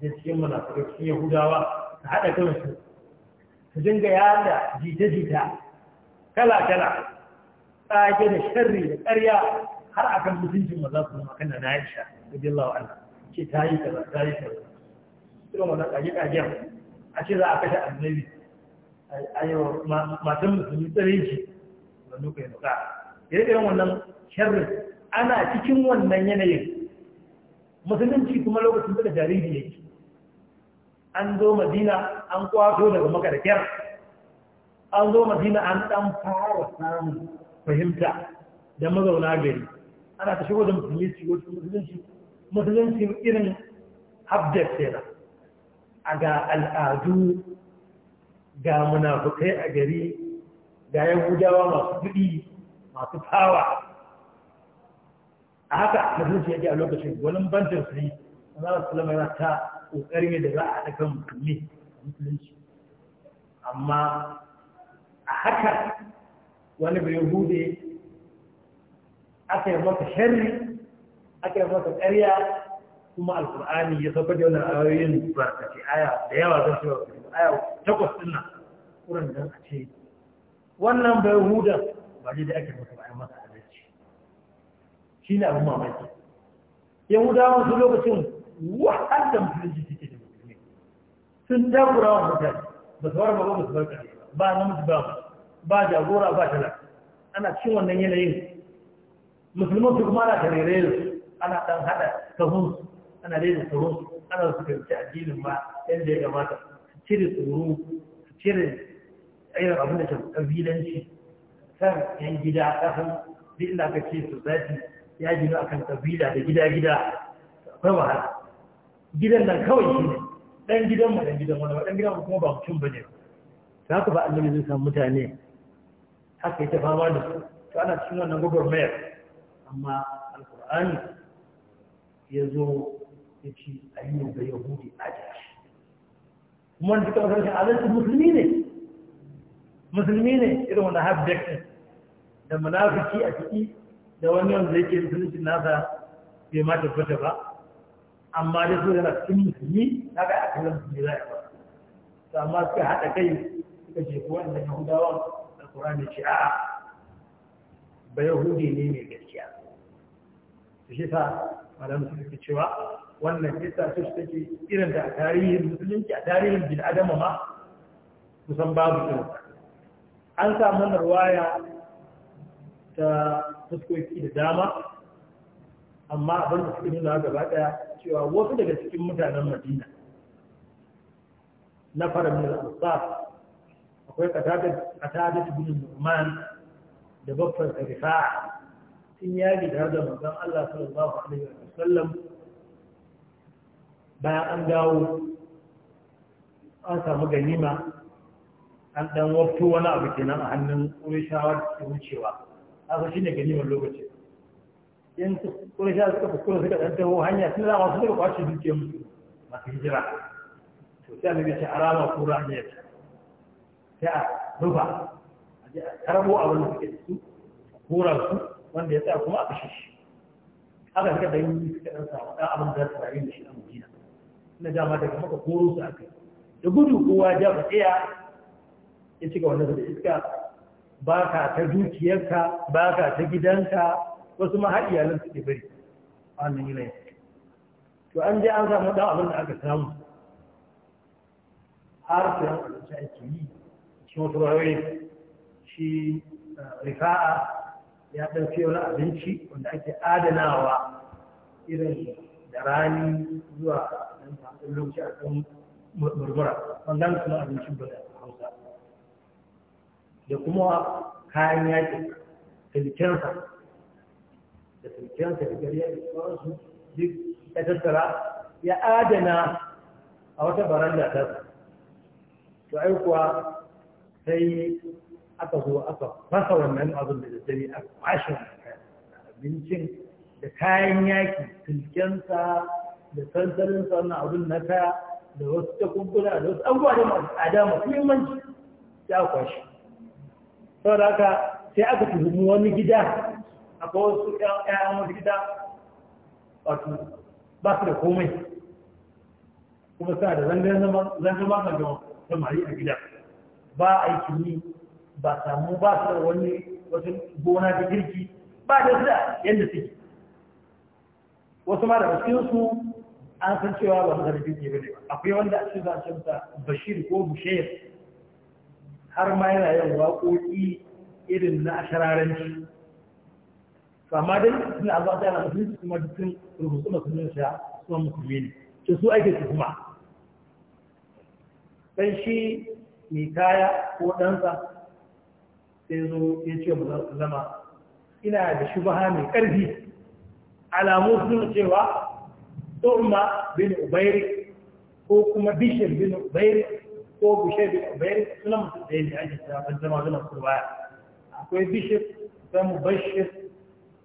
da cikin muna tare cikin yahudawa ta haɗa kansu su dinga yada jita-jita kala-kala tsage da sharri da ƙarya har a kan mutuncin maza su zama kan da na aisha radiyallahu anha ce ta yi kaza ta yi kaza suna wannan ƙage-ƙagen a ce za a kashe annabi a yau matan musulmi tsare shi da nuka yi nuka irin wannan sharrin ana cikin wannan yanayin musulunci kuma lokacin da jariri yake an zo madina an kwato daga maka da kyar an zo madina an dan fara samun fahimta da mazauna gari ana ta shigo da musulunci ko musulunci musulunci irin habdar kenan a ga al'adu ga munafukai a gari ga yahudawa masu kuɗi masu fawa a haka musulunci yake a lokacin wani bantar sai Allah sallama lamarin ta ƙoƙari ne da za a haɗa kan musulmi musulunci amma a haka wani bai hude aka yi masa sharri aka yi masa ƙarya kuma alkur'ani ya saba da wani ayoyin barkaci aya da yawa zan ce wa aya takwas ɗin nan ƙuran da a ce wannan bai huda ba ne da ake masa bayan masa shi ne abin mamaki yahudawan su lokacin wahal da musulunci suke da musulmi sun takura wa mutane ba su warba ba ba su barka ba namiji ba ba ba jagora ba talaka ana cin wannan yanayin musulman su kuma ana tarere su ana dan hada kahun ana daina tsoron su ana su fahimci addinin ba yadda ya gabata su cire tsoro su cire ayyar abin da ke kabilanci kan yan gida kasan duk inda ka ce society ya gina kan kabila da gida-gida akwai wahala gidan nan kawai shi ne ɗan gidan mu ɗan gidan wani ɗan gidan mu kuma ba mutum ba ne ta haka ba annabi zai samu mutane haka ita fama da su to ana cikin wannan mayar. amma alƙur'ani ya zo ya ci a yi da yahudi a jashi kuma da duka wasan shi musulmi ne musulmi ne irin wani half da munafiki a ciki da wani wanda yake musuluncin nasa bai ma tabbata ba amma da so yana cikin musulmi na ga aka yi musulmi za a ba su amma suka haɗa kai suka ce da wanda yahudawan alkurani ce a'a ba yahudi ne mai gaskiya to shi sa malamu suka cewa wannan kisa su take irin da a tarihin musulunci a tarihin bin adama ma kusan babu irin an samu narwaya ta fuskoki da dama amma abin da suke nuna gaba daya cewa wasu daga cikin mutanen madina na faramin akwai katada ibn nu'man da babban sarifa sun yaki tare da manzon Allah sallallahu alaihi wa sallam bayan an dawo an samu ganima an dan wafto wani abu kenan a hannun shawar da wucewa a shi ne ganimar lokaci in kuma sha suka fuskura suka ɗan taho hanya sun zama su suka kwace dukiyar musu masu hijira to sai annabi ce arama kura hanyar sai a rufa a je a karbo abin da suke su kura su wanda ya tsaya kuma a kashe shi haka suka ɗan yi suka ɗan samu ɗan abin da su rayu da shi a mutina na dama daga maka koro su a kai da gudu kowa ja ba tsaya ya cika wannan da iska ba ka ta dukiyarka ba ka ta gidanka wasu ma iyalan su ke bari a wannan yanayin to an je an samu da abin da aka samu har sayan abinci ake yi shi wasu rawaye shi rifa'a ya ɗan wani abinci wanda ake adanawa irin da rani zuwa ɗan lokaci a ɗan murmura wannan kuma abincin ba da hausa da kuma kayan yaƙi filkensa da filkensa da gari yaƙi sauransu duk ya tattara ya adana a wata baranda ta to ai kuwa sai aka zo aka fasa wannan abin da da dare aka kwashe abincin da kayan yaƙi filkensa da sansanin sannan abin na kaya da wasu takunkuna da wasu abubuwa da masu tsada muhimmanci ya kwashe saboda haka sai aka tuhumi wani gida akwai wasu ƴan wani gida wato ba su da komai kuma sa da zangar makon da samari a gida ba aikin yi ba samu ba su da wani wasu gona da girki ba da da yadda suke wasu ma da wasu an san cewa ba su da girki ba ne ba akwai wanda a cikin zancen bashir ko bushe. har ma yana yin waƙoƙi irin na shararanci amma dai suna abuwa ta yana musulunci kuma dukkan rubutu musulun sha kuma musulmi ne ce su ake su kuma sai shi mai kaya ko ɗansa sai zo ya ce mu zama ina da shi ba mai ƙarfi alamu suna cewa umma bin ubairi ko kuma bishiyar bin ubairi ko bishir bayan sunan mutum ɗaya ne ake cewa ban zama zunan kurwaya akwai bishir akwai bashir,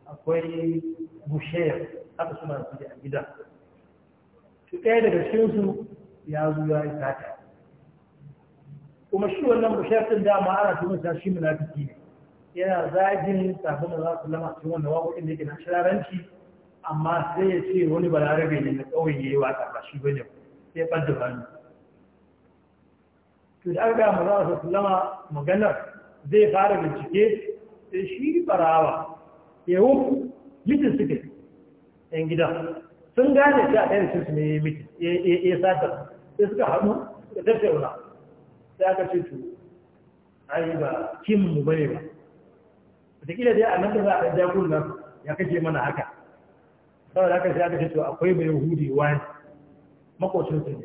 akwai bushir haka suna su a gida su ɗaya daga cikinsu ya zo ya yi sata kuma shi wannan bushir dama ana tunan sa shi munafiki ne yana zagin sabon da za su lama cikin wanda waƙoƙin da yake na shiraranci amma sai ya ce wani balarabe ne na ƙauye ya yi wata ba shi bane sai ɓadda hannu to da aka gama za su lama maganar zai fara bincike sai shi farawa ya wuku mitin suke yan gida sun gane shi a ɗaya su ne ya mitin ya sata sai suka haɗu da tattauna sai aka ce su ai ba kin mu bane ba wataƙila dai a nan da za a ɗan nan ya kaje mana haka saboda haka sai aka ce su akwai mai hudi wani su ne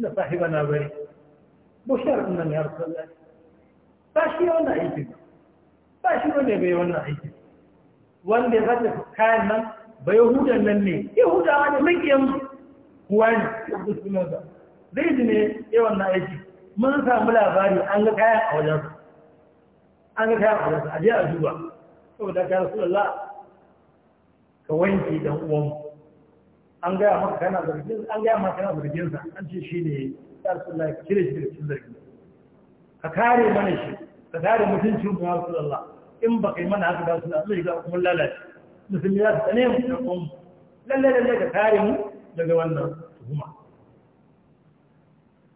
da sahibana bai bushar nan ya rasu Allah ba shi wannan aikin ba shi wanda bai wannan aikin wanda ya zata kayan nan ba yahudan nan ne yahudawa ne makiyan kuwa ne zai ji ne ya wannan aiki mun samu labari an ga kayan a wajen an ga kayan a wajen a je a duba saboda ka rasu Allah ka wanke dan uwanmu an gaya maka kana zargin an gaya maka kana zargin sa an ce shi ne ya Allah ya cire shi daga cikin zargi ka kare mana shi ka kare mutuncin mu ya Allah. in ba kai mana haka da rasulullah zai ga kuma lalace musulmi za tsane mu da kuma lalle lalle ka kare mu daga wannan tuhuma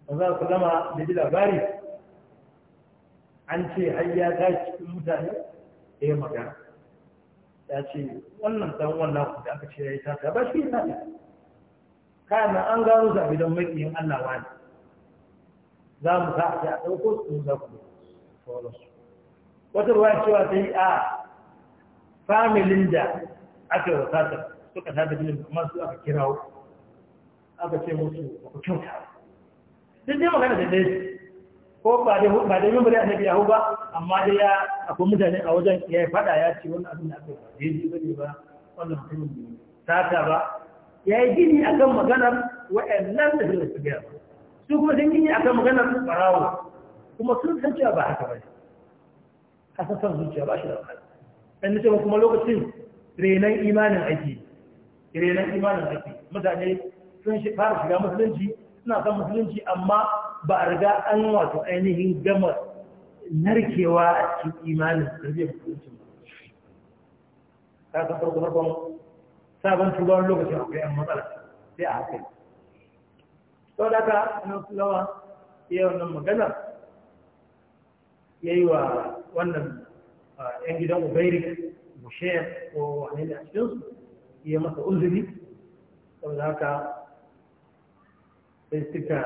manzo sallama da ji labari an ce hayya ta cikin mutane ya magana ya ce wannan dan wannan ku da aka ce ya yi taka ba shi ya kana an gano sa gidan makiyin Allah wani za mu sa a ce a ɗauko su za ku sauransu wata ruwa cewa ta a familin da aka yi wasata suka tada bilin amma su aka kirawo aka ce musu ba ku kyauta duk dai magana da dai ko ba da ba da mimbar ba amma dai ya akwai mutane a wajen ya yi fada ya ce wani abin da aka yi ba ne ba wannan mutumin Ta ba ya yi gini akan maganar wa'annan da suka su biya su kuma sun gini akan maganar barawa kuma sun san cewa ba haka ba ne kasan san zuciya ba shi da wahala ɗan nace kuma lokacin renan imanin aiki renan imanin aiki mutane sun fara shiga musulunci suna san musulunci amma ba a riga an wato ainihin gama narkewa a cikin imanin tarbiyyar musulunci ba ta san farko farkon sabon shugaban lokacin akwai yan matsala sai a haka sau da ka nan lawa ya wannan magana ya yi wa wannan yan gidan ubairi bushayar ko wani ne a cikinsu ya masa uzuri sau da haka sai suka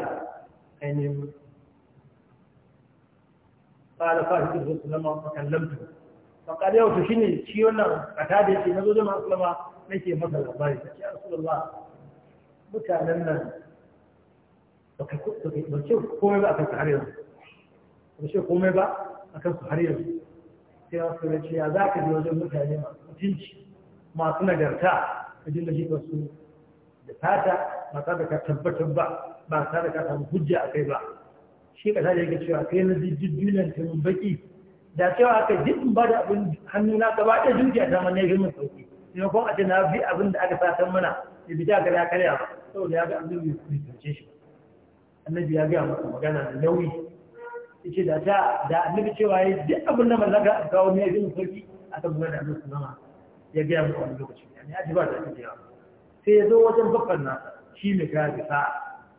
ainihin قال فاهد الرسول صلى الله عليه وسلم da فقال يا وتشيني شي ولا قتاده شي نزو جماعه صلى الله nake masa labari mutanen nan ba ka komai ba a kansu har yanzu ba ce komai ba sai wasu ya za ka wajen mutane masu mutunci masu nagarta ka shi su da fata ba ta da ka tabbatar ba ba ta da kasan hujja a kai ba shi kasa da yake cewa kai na jujjunan ta mun baki da cewa aka jin ba da abin hannu na gaba da dukiya ta mana yi mun sauki sai kuma a ce na bi abin da aka satan mana ya bi ta ya karya saboda ya ga annabi ya kusance shi annabi ya gaya masa magana da nauyi yace da ta da annabi cewa ya ji abin da mallaka a kawo ne ya bi mun sauki aka buga da annabi zama. ya gaya masa wani lokaci ya ji ba da ta sai ya zo wajen bakkan nasa shi mai kaya da sa'a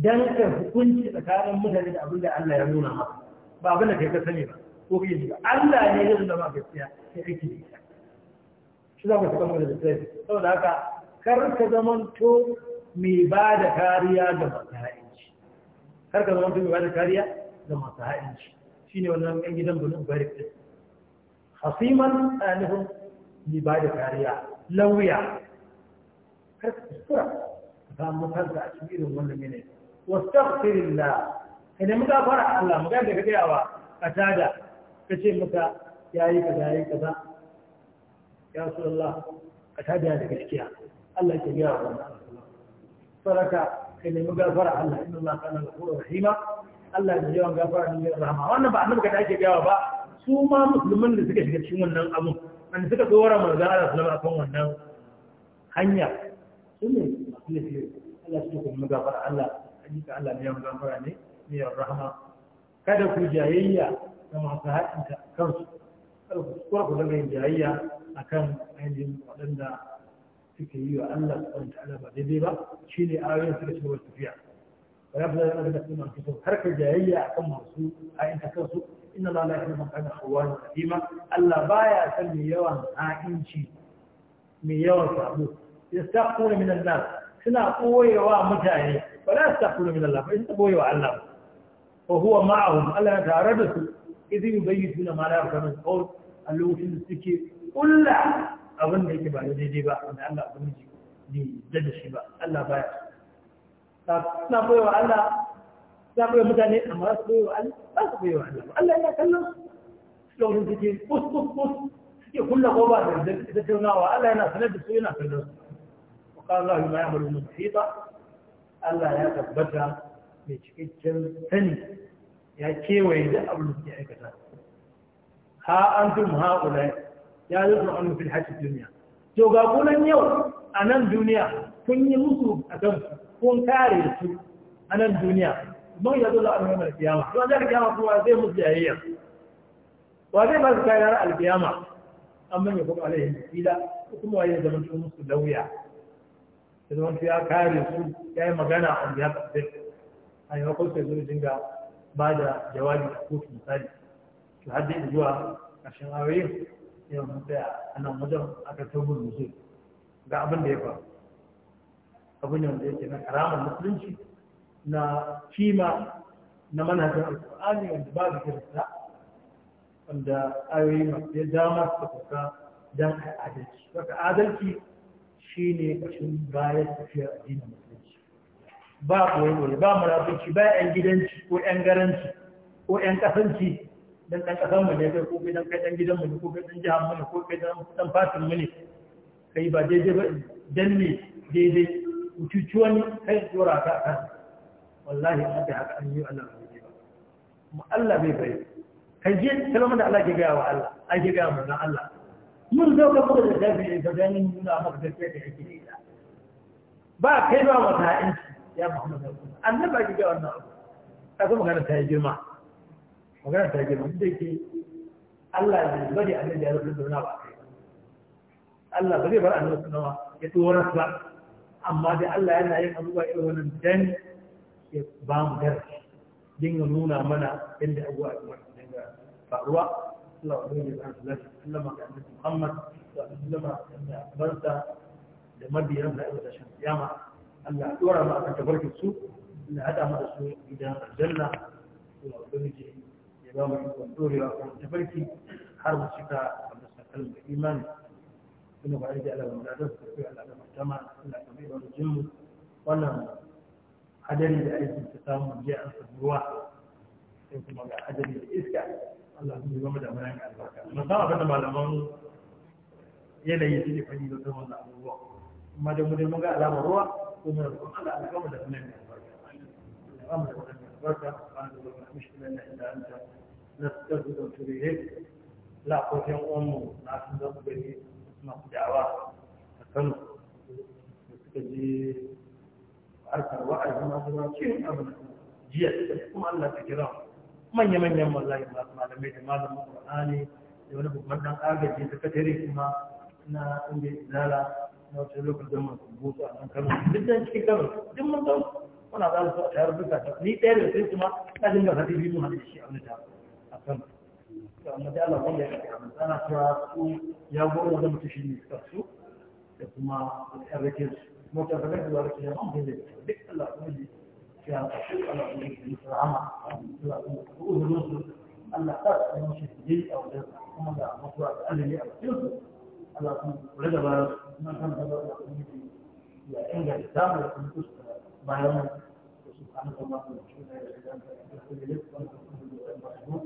dan ka hukunci tsakanin mutane da abin da Allah ya nuna maka ba abin da kai ka sani ba ko kai ba Allah ne ya nuna maka gaskiya sai aiki da shi za ku tsaka mu da sai saboda haka kar ka zamanto mai ba da kariya ga masu ha'inci kar ka zamanto mai ba da kariya ga masu ha'inci shine wannan ɗan gidan bulun barik din hasiman ɗalibin mai ba da kariya lauya kar ka kuskura ka samu kanka a cikin irin wannan yanayi wastaghfirillah ka muka fara Allah muka da kake yawa ka tada. ka ce maka yayi kaza yayi kaza ya rasulullah tada da gaskiya Allah ya gaya wa saraka ka muka fara Allah inna Allah kana ghafurur rahim Allah ya yawan gafara ne ya rahama wannan ba annabi ka ake gawa ba su ma musulmin da suka shiga cikin wannan abun wanda suka dora manzo Allah sallallahu alaihi wasallam wannan hanya su ne masu lafiya Allah ya tuku mu gafara Allah hakika Allah ne yawan gafara ne ne yawan rahama kada ku jayayya ga masu haɗin kansu kada ku zama yin jayayya a kan ainihin waɗanda suke yi wa Allah subhanahu ala ba daidai ba shine ayoyin suka ci gaba tafiya wa ya fi zama da kuma kisan harkar jayayya akan masu haɗin kansu inna la ilaha illa kana Allah baya san mai yawan ha'inci mai yawan sabo yastaquna min an-nas suna koyewa mutane wala astaghfiru min Allah fa in tabo wa Allah fa huwa ma'ahum Allah tare da su idan yubayyituna ma la yafhamu qawl a lokacin suke kulla abin da yake ba daidai ba wanda Allah abin ji ne da da shi ba Allah baya ta suna koyo wa Allah za koyo mutane amma su koyo wa Allah ba su koyo wa Allah Allah ya kallon su lokacin suke kus kus kus suke kulla ko ba da tattaunawa Allah yana sanar da su yana kallon su وقال الله ما يعمل من محيطا Allah ya tabbata mai cikakken sani ya kewaye da abin da suke aikata ha an mu ha'ula ya su an fil hajji duniya to ga kunan yau a nan duniya kun yi musu a kan kun kare su a nan duniya kuma ya zo da al'amar alfiyama kuma zai alfiyama kiyama kuma zai musu jayayya wa zai ba su alfiyama, an manya kuma alaihin fila kuma yi zaman tun musu lauya ya wani ya kare su ya yi magana a biya of them a maimakon sai zo dinga ba da jawabi a kofin misali to har da zuwa ƙarshen ayoyin yau mun tsaya a nan wajen aka tabbul musu ga abin da ya faru abin ne wanda yake na karamar musulunci na kima na manhajar alƙur'ani wanda ba da kirista wanda ayoyi masu dama suka fuka don adalci. adalci shi ne cin bayan tafiya a dina musulunci ba koyi ba murafinci ba yan gidanci ko yan garanci ko yan kasanci dan ɗan ƙasar mu ne kai ko kai dan kai dan gidan mu ne ko kai dan jihar mu ne ko kai dan dan fatin mu ne kai ba daidai ba dan ne daidai mutuciwan kai tsora ta kan wallahi an ta haka an yi Allah bai ba mu Allah bai bai kai je kalmar da Allah ke gaya wa Allah ake gaya na Allah mun zo ka kuma da dabi da ganin nuna maka da kai da yake ila ba kai ba mata in ya Muhammadu annaba ki ga wannan abu ka kuma magana ta girma magana ta girma da yake Allah ya bari annabi ya rubuta nuna ba kai Allah ba bar annabi sunawa ya tsoron ba amma dai Allah yana yin abubuwa irin wannan dan ya ba mu darasi dinga nuna mana inda abubuwa ke faruwa صلى الله عليه وسلم ga annabi Muhammad sallallahu alaihi da barka da mabiyan da ayyuka shan kiyama Allah dora ma aka tabarkin su Allah hada mu da su gidan aljanna ya ubangiji ya ba mu ikon dorewa kan tabarki har mu cika da sakal da imani kuma ba da Allah wanda da su Allah da mutama Allah ka bai da jinmu wannan hadari da aikin ta samu ruwa sai kuma ga hadari da iska Allah sun zama da da yanayi su ke fahimta da abubuwa da mun ruwa ko da albarka kama da mana albarka subhanahu wa ta'ala mishkilana illa na a da suka jiya kuma Allah ta kira manya-manyan mazayi masu malamai da malamin ƙwarani da wani babban ɗan agaji da katare kuma na inda izala na wata lokacin da zaman kubutu a nan kano duk da cikin kano duk mun zau muna za su a tayar duka ta ni ɗaya da sai kuma na dinga sati biyu mun haɗe shi a wani ta a kan da amma da Allah wanda ya kafa amma ana cewa su ya goro wanda mutu shi ne su da kuma ɗan rikin su motar da kan zuwa rikin ya mamu da duk Allah kuma Allah ta tsaye mashi jiri a wajen kuma da mutuwa da alili a cikin Allah sun kula da bayan nan kan da Allah sun yi ya inganta mu da kuma kusa bayan mu subhanahu wa ta'ala da shi da ya da da da da